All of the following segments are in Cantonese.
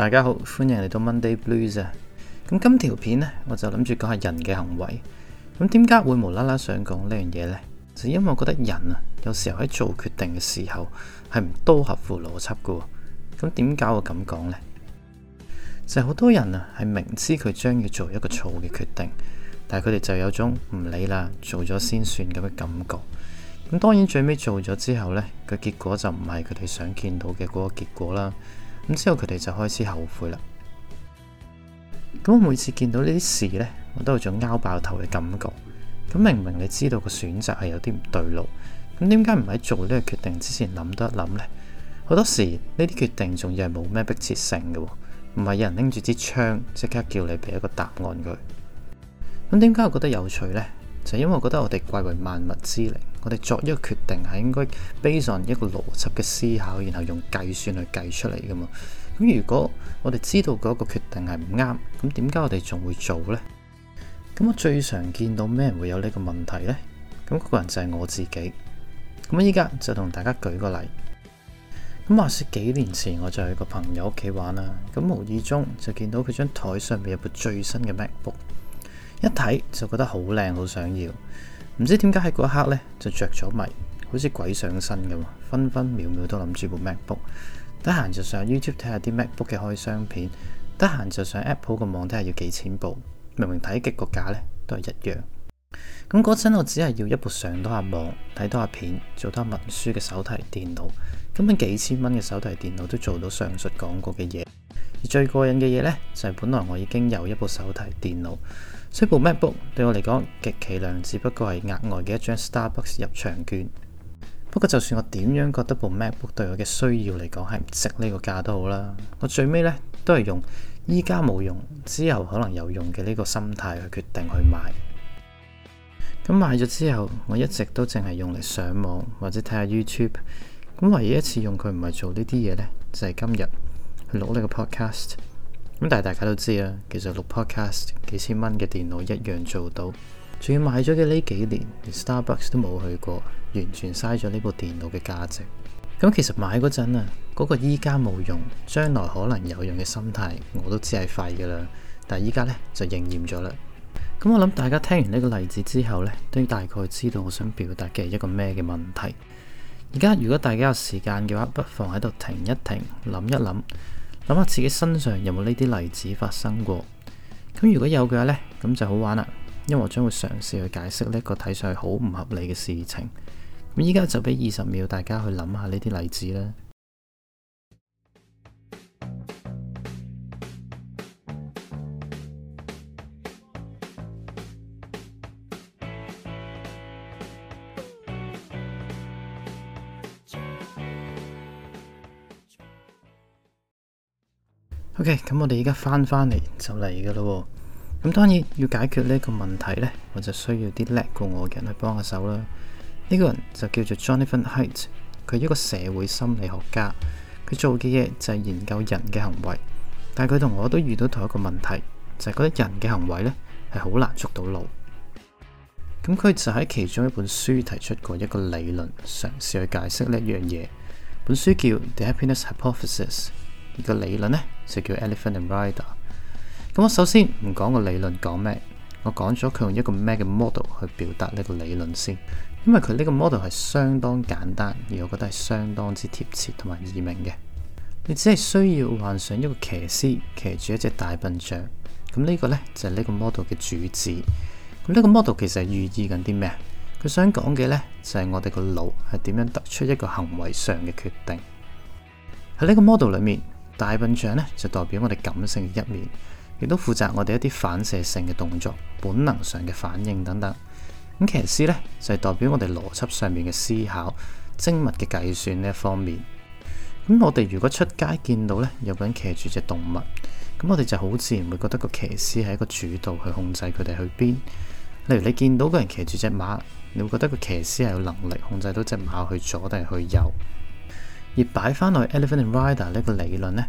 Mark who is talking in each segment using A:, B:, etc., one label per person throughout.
A: 大家好，歡迎嚟到 Monday Blues 啊！咁今條片呢，我就諗住講下人嘅行為。咁點解會無啦啦想講呢樣嘢呢？就因為我覺得人啊，有時候喺做決定嘅時候係唔多合乎邏輯㗎。咁點解我咁講呢？就係、是、好多人啊，係明知佢將要做一個錯嘅決定，但係佢哋就有種唔理啦，做咗先算咁嘅感覺。咁當然最尾做咗之後呢，結個結果就唔係佢哋想見到嘅嗰個結果啦。咁之後佢哋就開始後悔啦。咁我每次見到呢啲事呢，我都有種拗爆頭嘅感覺。咁明明你知道個選擇係有啲唔對路，咁點解唔喺做呢個決定之前諗多一諗呢？好多時呢啲決定仲要係冇咩迫切性嘅，唔係有人拎住支槍即刻叫你俾一個答案佢。咁點解我覺得有趣呢？就因為我覺得我哋貴為萬物之靈，我哋作一個決定係應該 base on 一個邏輯嘅思考，然後用計算去計出嚟噶嘛。咁如果我哋知道嗰個決定係唔啱，咁點解我哋仲會做呢？咁我最常見到咩人會有呢個問題呢？咁、那、嗰個人就係我自己。咁依家就同大家舉個例。咁話說幾年前我就去個朋友屋企玩啦，咁無意中就見到佢張台上面有部最新嘅 MacBook。一睇就覺得好靚，好想要，唔知點解喺嗰一刻呢，就着咗迷，好似鬼上身咁。分分秒秒都諗住部 MacBook，得閒就上 YouTube 睇下啲 MacBook 嘅開箱片，得閒就上 Apple 個網睇下要幾錢部。明明睇極個價呢，都係一樣。咁嗰陣我只係要一部上多下網睇多下片，做多下文書嘅手提電腦，根本幾千蚊嘅手提電腦都做到上述講過嘅嘢。而最過癮嘅嘢呢，就係、是、本來我已經有一部手提電腦。所以部 MacBook 對我嚟講，極其量只不過係額外嘅一張 Starbucks 入場券。不過就算我點樣覺得部 MacBook 對我嘅需要嚟講係唔值呢個價都好啦，我最尾呢都係用依家冇用，之後可能有用嘅呢個心態去決定去買。咁買咗之後，我一直都淨係用嚟上網或者睇下 YouTube。咁唯一一次用佢唔係做呢啲嘢呢，就係，係今日去錄呢個 Podcast。咁但係大家都知啦，其實錄 podcast 幾千蚊嘅電腦一樣做到，仲要買咗嘅呢幾年，連 Starbucks 都冇去過，完全嘥咗呢部電腦嘅價值。咁其實買嗰陣啊，嗰、嗰個，依家冇用，將來可能有用嘅心態，我都知係廢噶啦。但係依家呢，就應驗咗啦。咁我諗大家聽完呢個例子之後呢，都要大概知道我想表達嘅一個咩嘅問題。而家如果大家有時間嘅話，不妨喺度停一停，諗一諗。諗下自己身上有冇呢啲例子發生過？咁如果有嘅話呢，咁就好玩啦，因為我將會嘗試去解釋呢個睇上去好唔合理嘅事情。咁依家就俾二十秒大家去諗下呢啲例子啦。O.K.，咁我哋而家翻翻嚟就嚟噶咯。咁當然要解決呢一個問題呢，我就需要啲叻過我嘅人去幫下手啦。呢、這個人就叫做 Jonathan Haidt，佢一個社會心理學家，佢做嘅嘢就係研究人嘅行為。但係佢同我都遇到同一個問題，就係、是、覺得人嘅行為呢係好難捉到路。咁佢就喺其中一本書提出過一個理論，嘗試去解釋呢一樣嘢。本書叫 The Happiness Hypothesis。而個理論呢。就叫 Elephant and Rider。咁我首先唔講個理論講咩，我講咗佢用一個咩嘅 model 去表達呢個理論先。因為佢呢個 model 係相當簡單，而我覺得係相當之貼切同埋易明嘅。你只係需要幻想一個騎師騎住一隻大笨象。咁呢個呢，就係呢個 model 嘅主旨。咁呢個 model 其實係寓意緊啲咩？佢想講嘅呢，就係我哋個腦係點樣得出一個行為上嘅決定。喺呢個 model 裡面。大笨象咧就代表我哋感性嘅一面，亦都負責我哋一啲反射性嘅動作、本能上嘅反應等等。咁騎士咧就係代表我哋邏輯上面嘅思考、精密嘅計算呢一方面。咁我哋如果出街見到咧，有個人騎住隻動物，咁我哋就好自然會覺得個騎士係一個主導去控制佢哋去邊。例如你見到個人騎住隻馬，你會覺得個騎士係有能力控制到隻馬去左定係去右。而擺翻落去 elephant and rider 呢個理論呢，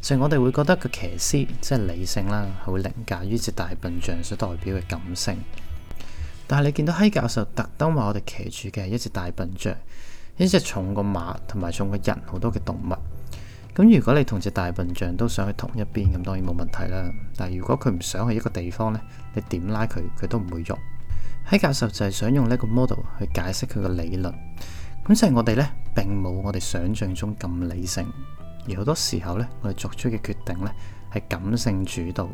A: 就我哋會覺得個騎師即係理性啦，係會凌駕於隻大笨象所代表嘅感性。但係你見到希教授特登話我哋騎住嘅係一隻大笨象，一隻重個馬同埋重個人好多嘅動物。咁如果你同隻大笨象都想去同一邊，咁當然冇問題啦。但係如果佢唔想去一個地方呢，你點拉佢，佢都唔會喐。希教授就係想用呢個 model 去解釋佢嘅理論。咁即係我哋咧，並冇我哋想象中咁理性，而好多時候咧，我哋作出嘅決定咧，係感性主導。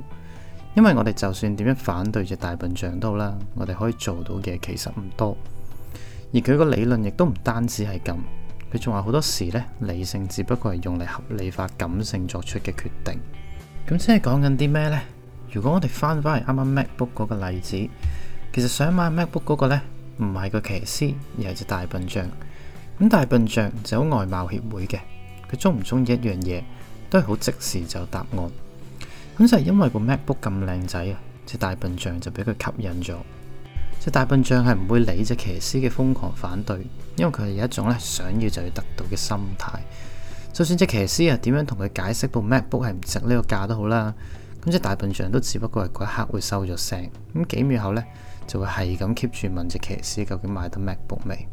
A: 因為我哋就算點樣反對隻大笨象都好啦，我哋可以做到嘅其實唔多。而佢個理論亦都唔單止係咁，佢仲話好多時咧，理性只不過係用嚟合理化感性作出嘅決定。咁即係講緊啲咩呢？如果我哋翻翻嚟啱啱 MacBook 嗰個例子，其實想買 MacBook 嗰個咧，唔係個騎師，而係隻大笨象。咁大笨象就有外貌協會嘅，佢中唔中意一樣嘢都係好即時就有答案。咁就係因為部 MacBook 咁靚仔啊，隻大笨象就俾佢吸引咗。隻大笨象係唔會理隻騎士嘅瘋狂反對，因為佢係有一種咧想要就要得到嘅心態。就算隻騎士啊，點樣同佢解釋部 MacBook 係唔值呢個價都好啦，咁隻大笨象都只不過係嗰一刻會收咗聲，咁幾秒後咧就會係咁 keep 住問隻騎士究竟買到 MacBook 未？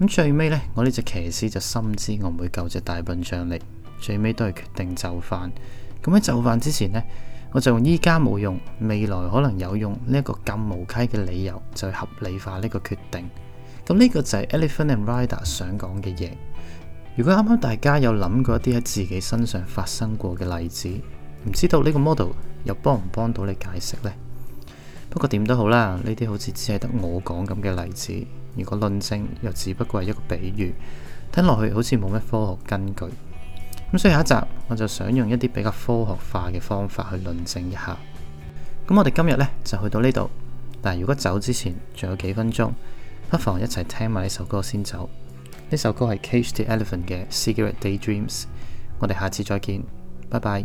A: 咁最尾呢，我呢隻騎士就深知我唔會夠隻大笨象力，最尾都係決定就範。咁喺就範之前呢，我就用依家冇用，未來可能有用呢一個咁無稽嘅理由，就係合理化呢個決定。咁呢個就係 Elephant and Rider 想講嘅嘢。如果啱啱大家有諗過一啲喺自己身上發生過嘅例子，唔知道呢個 model 又幫唔幫到你解釋呢？不過點都好啦，呢啲好似只係得我講咁嘅例子。如果論證又只不過係一個比喻，聽落去好似冇乜科學根據。咁所以下一集我就想用一啲比較科學化嘅方法去論證一下。咁我哋今日呢，就去到呢度，但如果走之前仲有幾分鐘，不妨一齊聽埋呢首歌先走。呢首歌係 Cage The Elephant 嘅《Cigarette Daydreams》。我哋下次再見，拜拜。